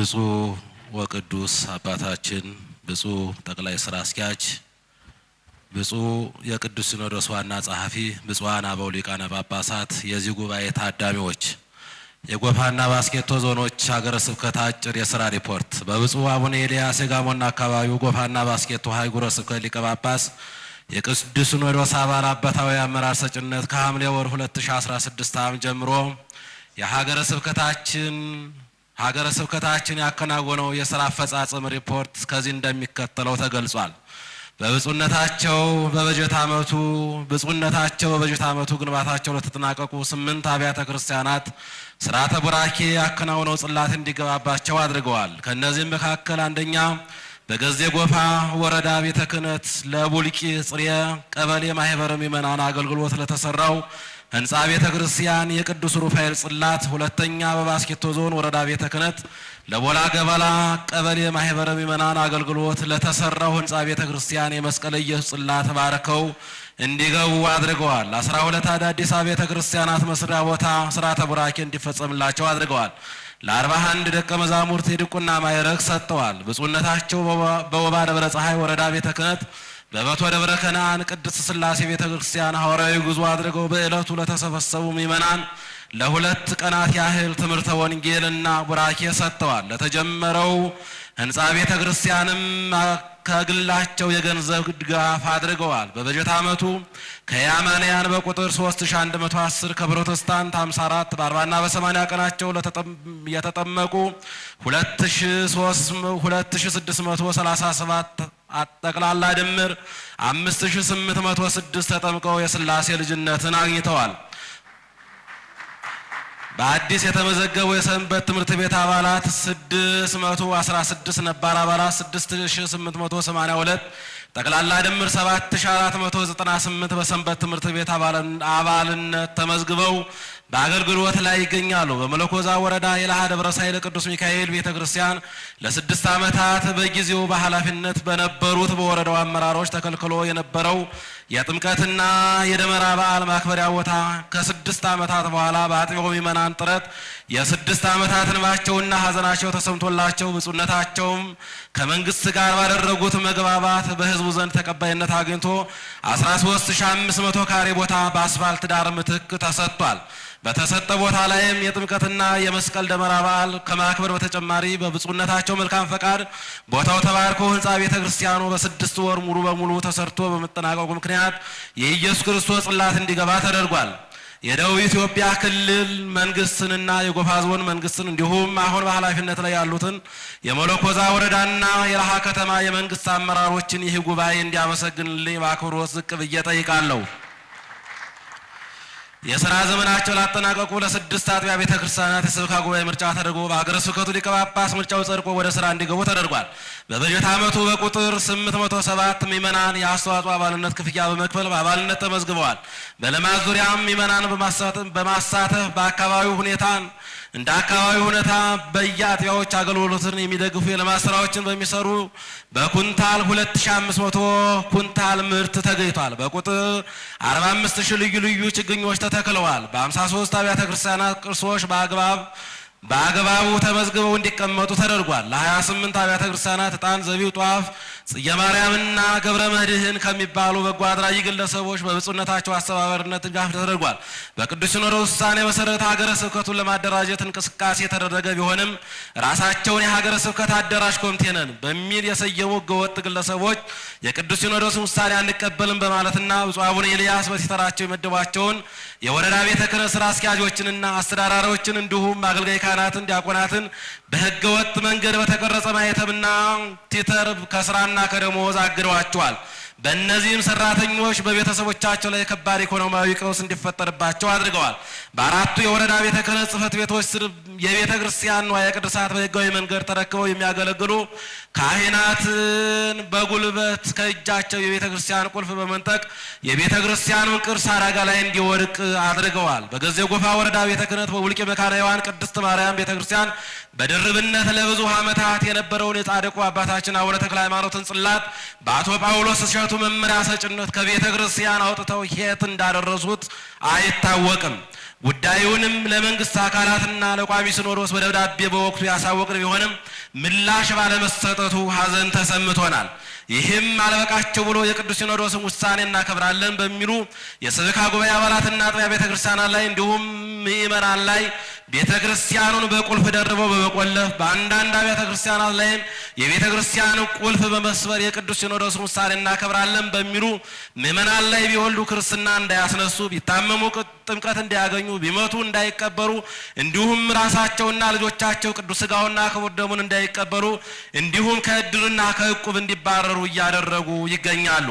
ብፁዕ ወቅዱስ አባታችን፣ ብፁዕ ጠቅላይ ስራ አስኪያጅ፣ ብፁዕ የቅዱስ ሲኖዶስ ዋና ጸሐፊ፣ ብፁዓን አበው ሊቃነ ጳጳሳት፣ የዚህ ጉባኤ ታዳሚዎች፣ የጎፋና ባስኬቶ ዞኖች ሀገረ ስብከት አጭር የስራ ሪፖርት በብፁዕ አቡነ ኤልያስ የጋሞና አካባቢው ጎፋና ባስኬቶ ሀገረ ስብከት ሊቀ ጳጳስ የቅዱስ ሲኖዶስ አባል አባታዊ አመራር ሰጭነት ከሐምሌ ወር 2016 ዓ.ም ጀምሮ የሀገረ ስብከታችን ሀገረ ስብከታችን ያከናወነው የስራ አፈጻጸም ሪፖርት ከዚህ እንደሚከተለው ተገልጿል። በብፁነታቸው በበጀት ዓመቱ ብፁነታቸው በበጀት ዓመቱ ግንባታቸው ለተጠናቀቁ ስምንት አብያተ ክርስቲያናት ስርዓተ ቡራኬ ያከናውነው ጽላት እንዲገባባቸው አድርገዋል። ከእነዚህም መካከል አንደኛ በገዜ ጎፋ ወረዳ ቤተ ክህነት ለቡልቂ ጽሬ ቀበሌ ማህበረ ምእመናን አገልግሎት ለተሰራው ህንፃ ቤተ ክርስቲያን የቅዱስ ሩፋኤል ጽላት፣ ሁለተኛ በባስኬቶ ዞን ወረዳ ቤተ ክህነት ለቦላ ገበላ ቀበሌ ማህበረ ምእመናን አገልግሎት ለተሰራው ህንፃ ቤተ ክርስቲያን የመስቀል ኢየሱስ ጽላት ባርከው እንዲገቡ አድርገዋል። አስራ ሁለት አዳዲስ ቤተ ክርስቲያናት መስሪያ ቦታ ስራ ቡራኬ እንዲፈጸምላቸው አድርገዋል። ለአርባ አንድ ደቀ መዛሙርት የድቁና ማይረግ ሰጥተዋል። ብፁዕነታቸው በወባ ደብረ ፀሐይ ወረዳ ቤተ ክህነት በመቶ ወደ ደብረ ከነዓን ቅድስት ስላሴ ቤተ ክርስቲያን ሐዋርያዊ ጉዞ አድርገው በዕለቱ ለተሰበሰቡ ምዕመናን ለሁለት ቀናት ያህል ትምህርተ ወንጌልና ቡራኬ ሰጥተዋል። ለተጀመረው ህንፃ ቤተ ክርስቲያንም ከግላቸው የገንዘብ ድጋፍ አድርገዋል። በበጀት ዓመቱ ከያማንያን በቁጥር 3110 ከፕሮቴስታንት 54 በ40ና በ80 ቀናቸው የተጠመቁ 2637 ጠቅላላ ድምር 5806 ተጠምቀው የስላሴ ልጅነትን አግኝተዋል። በአዲስ የተመዘገቡ የሰንበት ትምህርት ቤት አባላት 616 ነባር አባላት 6882 ጠቅላላ ድምር 7498 በሰንበት ትምህርት ቤት አባልነት ተመዝግበው በአገልግሎት ላይ ይገኛሉ። በመለኮዛ ወረዳ የላሃ ደብረ ሳይል ቅዱስ ሚካኤል ቤተ ክርስቲያን ለስድስት ዓመታት በጊዜው በኃላፊነት በነበሩት በወረዳው አመራሮች ተከልክሎ የነበረው የጥምቀትና የደመራ በዓል ማክበሪያ ቦታ ከስድስት ዓመታት በኋላ በአጥቢያው ምዕመናን ጥረት የስድስት ዓመታት እንባቸውና ሐዘናቸው ተሰምቶላቸው ብፁዕነታቸውም ከመንግስት ጋር ባደረጉት መግባባት በሕዝቡ ዘንድ ተቀባይነት አግኝቶ 13500 ካሬ ቦታ በአስፋልት ዳር ምትክ ተሰጥቷል። በተሰጠ ቦታ ላይም የጥምቀትና የመስቀል ደመራ በዓል ከማክበር በተጨማሪ በብፁዕነታቸው መልካም ፈቃድ ቦታው ተባርኮ ህንፃ ቤተ ክርስቲያኑ በስድስት ወር ሙሉ በሙሉ ተሰርቶ በመጠናቀቁ ምክንያት የኢየሱስ ክርስቶስ ጽላት እንዲገባ ተደርጓል። የደቡብ ኢትዮጵያ ክልል መንግስትንና የጎፋ ዞን መንግስትን እንዲሁም አሁን በኃላፊነት ላይ ያሉትን የመለኮዛ ወረዳና የረሃ ከተማ የመንግስት አመራሮችን ይህ ጉባኤ እንዲያመሰግንልኝ በአክብሮት ዝቅ ብዬ ጠይቃለሁ። የሥራ ዘመናቸው ላጠናቀቁ ለስድስት አጥቢያ ቤተ ክርስቲያናት የስብካ ጉባኤ ምርጫ ተደርጎ በሀገረ ስብከቱ ሊቀ ጳጳስ ምርጫው ጸድቆ ወደ ስራ እንዲገቡ ተደርጓል። በበጀት ዓመቱ በቁጥር 807 ምዕመናን የአስተዋጽኦ አባልነት ክፍያ በመክፈል በአባልነት ተመዝግበዋል። በልማት ዙሪያም ምዕመናን በማሳተፍ በአካባቢው ሁኔታን እንደ አካባቢ ሁኔታ በየአጥቢያዎች አገልግሎትን የሚደግፉ የልማት ስራዎችን በሚሰሩ በኩንታል 2500 ኩንታል ምርት ተገኝቷል። በቁጥር 45000 ልዩ ልዩ ችግኞች ተተክለዋል። በ53 አብያተ ክርስቲያናት ቅርሶች በአግባብ በአግባቡ ተመዝግበው እንዲቀመጡ ተደርጓል። ለ28 አብያተ ክርስቲያናት እጣን ዘቢው፣ ጧፍ፣ ጽጌ ማርያምና ገብረ መድህን ከሚባሉ በጎ አድራጊ ግለሰቦች በብፁዕነታቸው አስተባባሪነት ድጋፍ ተደርጓል። በቅዱስ ሲኖዶስ ውሳኔ መሰረት ሀገረ ስብከቱን ለማደራጀት እንቅስቃሴ የተደረገ ቢሆንም ራሳቸውን የሀገረ ስብከት አደራሽ ኮሚቴ ነን በሚል የሰየሙ ሕገወጥ ግለሰቦች የቅዱስ ሲኖዶስን ውሳኔ አንቀበልም በማለትና ብፁዕ አቡነ ኤልያስ በሲተራቸው የመደቧቸውን የወረዳ ቤተ ክህነት ስራ አስኪያጆችንና አስተዳዳሪዎችን እንዲሁም አገልጋይ ካህናትን፣ ዲያቆናትን በህገ ወጥ መንገድ በተቀረጸ ማህተምና ቲተር ከስራና ከደሞዝ አግደዋቸዋል። በእነዚህም ሰራተኞች በቤተሰቦቻቸው ላይ ከባድ ኢኮኖሚያዊ ቀውስ እንዲፈጠርባቸው አድርገዋል። በአራቱ የወረዳ ቤተ ክህነት ቤቶች ስር የቤተ ክርስቲያን ንዋየ ቅድሳት በሕጋዊ መንገድ ተረክበው የሚያገለግሉ ካህናትን በጉልበት ከእጃቸው የቤተ ክርስቲያን ቁልፍ በመንጠቅ የቤተ ክርስቲያኑን ቅርስ አደጋ ላይ እንዲወድቅ አድርገዋል። በገዜ ጎፋ ወረዳ ቤተ ክህነት በቡልቄ መካነ ሕያዋን ቅድስት ማርያም ቤተ ክርስቲያን በድርብነት ለብዙ ዓመታት የነበረውን የጻድቁ አባታችን አቡነ ተክለ ሃይማኖትን ጽላት በአቶ ጳውሎስ የእምነቱ መመሪያ ሰጭነት ከቤተ ክርስቲያን አውጥተው የት እንዳደረሱት አይታወቅም። ጉዳዩንም ለመንግስት አካላትና ለቋሚ ሲኖዶስ በደብዳቤ በወቅቱ ያሳወቅን ቢሆንም ምላሽ ባለመሰጠቱ ሀዘን ተሰምቶናል። ይህም አልበቃቸው ብሎ የቅዱስ ሲኖዶስን ውሳኔ እናከብራለን በሚሉ የስብካ ጉባኤ አባላትና አጥቢያ ቤተ ክርስቲያናት ላይ እንዲሁም ምእመናን ላይ ቤተ ክርስቲያኑን በቁልፍ ደርቦ በመቆለፍ በአንዳንድ አብያተ ክርስቲያናት ላይም የቤተ ክርስቲያንን ቁልፍ በመስበር የቅዱስ ሲኖዶስን ውሳኔ እናከብራለን በሚሉ ምእመናን ላይ ቢወልዱ ክርስትና እንዳያስነሱ ቢታመሙ ጥምቀት እንዲያገኙ ቢመቱ እንዳይቀበሩ፣ እንዲሁም ራሳቸውና ልጆቻቸው ቅዱስ ሥጋውና ክቡር ደሙን እንዳይቀበሩ፣ እንዲሁም ከእድርና ከእቁብ እንዲባረሩ እያደረጉ ይገኛሉ።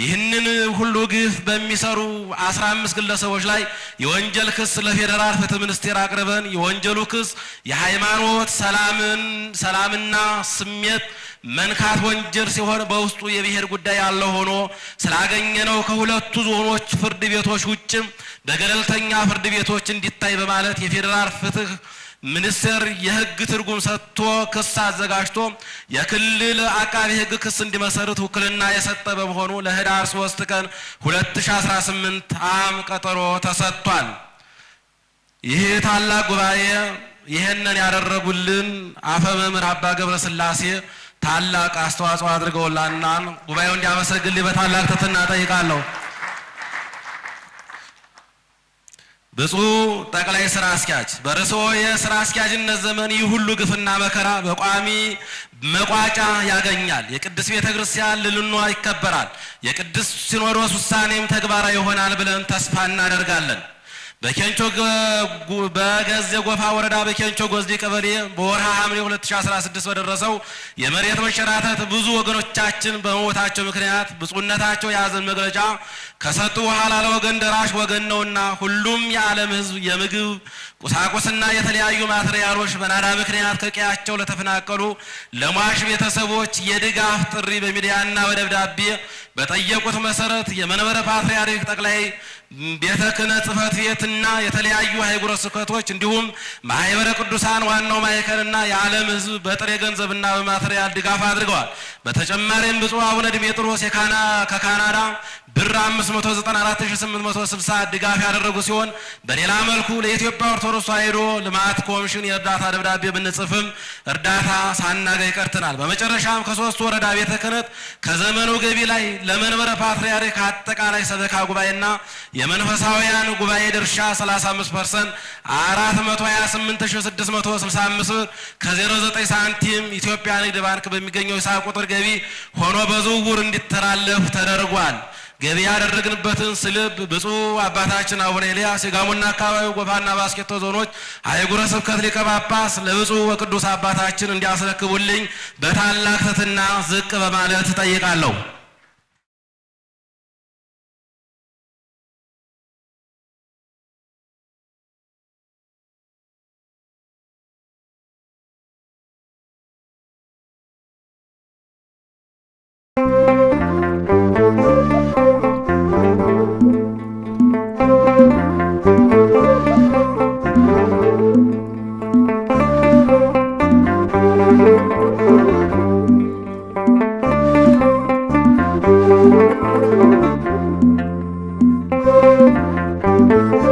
ይህንን ሁሉ ግፍ በሚሰሩ አስራ አምስት ግለሰቦች ላይ የወንጀል ክስ ለፌዴራል ፍትህ ሚኒስቴር አቅርበን የወንጀሉ ክስ የሃይማኖት ሰላምን ሰላምና ስሜት መንካት ወንጀል ሲሆን በውስጡ የብሔር ጉዳይ ያለ ሆኖ ስላገኘነው ከሁለቱ ዞኖች ፍርድ ቤቶች ውጭም በገለልተኛ ፍርድ ቤቶች እንዲታይ በማለት የፌዴራል ፍትህ ሚኒስቴር የህግ ትርጉም ሰጥቶ ክስ አዘጋጅቶ የክልል አቃቢ ህግ ክስ እንዲመሰርት ውክልና የሰጠ በመሆኑ ለህዳር 3 ቀን 2018 ዓ.ም ቀጠሮ ተሰጥቷል። ይህ ታላቅ ጉባኤ ይህንን ያደረጉልን አፈ መምህር አባ ገብረ ስላሴ ታላቅ አስተዋጽኦ አድርገውላና ጉባኤው እንዲያመሰግን በታላቅ ትሕትና እጠይቃለሁ። ብፁዕ ጠቅላይ ስራ አስኪያጅ፣ በርሶ የስራ አስኪያጅነት ዘመን ይህ ሁሉ ግፍና መከራ በቋሚ መቋጫ ያገኛል። የቅድስት ቤተ ክርስቲያን ልዕልና ይከበራል። የቅዱስ ሲኖዶስ ውሳኔም ተግባራዊ ይሆናል ብለን ተስፋ እናደርጋለን። በኬንቾ በገዜ ጎፋ ወረዳ በኬንቾ ጎዝዲ ቀበሌ በወርሃ ሐምሌ 2016 በደረሰው የመሬት መሸራተት ብዙ ወገኖቻችን በመሞታቸው ምክንያት ብፁዕነታቸው የያዘን መግለጫ ከሰጡ በኋላ ለወገን ደራሽ ወገን ነውና ሁሉም የዓለም ሕዝብ የምግብ ቁሳቁስና የተለያዩ ማትሪያሎች በናዳ ምክንያት ከቀያቸው ለተፈናቀሉ ለሟሽ ቤተሰቦች የድጋፍ ጥሪ በሚዲያና በደብዳቤ በጠየቁት መሰረት የመንበረ ፓትርያርክ ጠቅላይ ቤተ ክህነት ጽሕፈት ቤትና የተለያዩ ሀገረ ስብከቶች እንዲሁም ማህበረ ቅዱሳን ዋናው ማዕከልና የዓለም ሕዝብ በጥሬ ገንዘብና በማትሪያል ድጋፍ አድርገዋል። በተጨማሪም ብፁዕ አቡነ ድሜጥሮስ ከካናዳ ብር 594860 ድጋፍ ያደረጉ ሲሆን በሌላ መልኩ ለኢትዮጵያ ኦርቶዶክስ ተዋሕዶ ልማት ኮሚሽን የእርዳታ ደብዳቤ ብንጽፍም እርዳታ ሳናገኝ ቀርተናል። በመጨረሻም ከሶስት ወረዳ ቤተ ክህነት ከዘመኑ ገቢ ላይ ለመንበረ ፓትርያርክ አጠቃላይ ሰበካ ጉባኤና የመንፈሳውያን ጉባኤ ድርሻ 35% 428665 ከ09 ሳንቲም ኢትዮጵያ ንግድ ባንክ በሚገኘው ሂሳብ ቁጥር ገቢ ሆኖ በዝውውር እንዲተላለፍ ተደርጓል። ገበያ ያደረግንበትን ስልብ ብፁዕ አባታችን አቡነ ኤልያስ የጋሞና አካባቢው ጎፋና ባስኬቶ ዞኖች አህጉረ ስብከት ሊቀ ጳጳስ ለብፁዕ ወቅዱስ አባታችን እንዲያስረክቡልኝ በታላቅ ትሕትና ዝቅ በማለት እጠይቃለሁ። Thank you.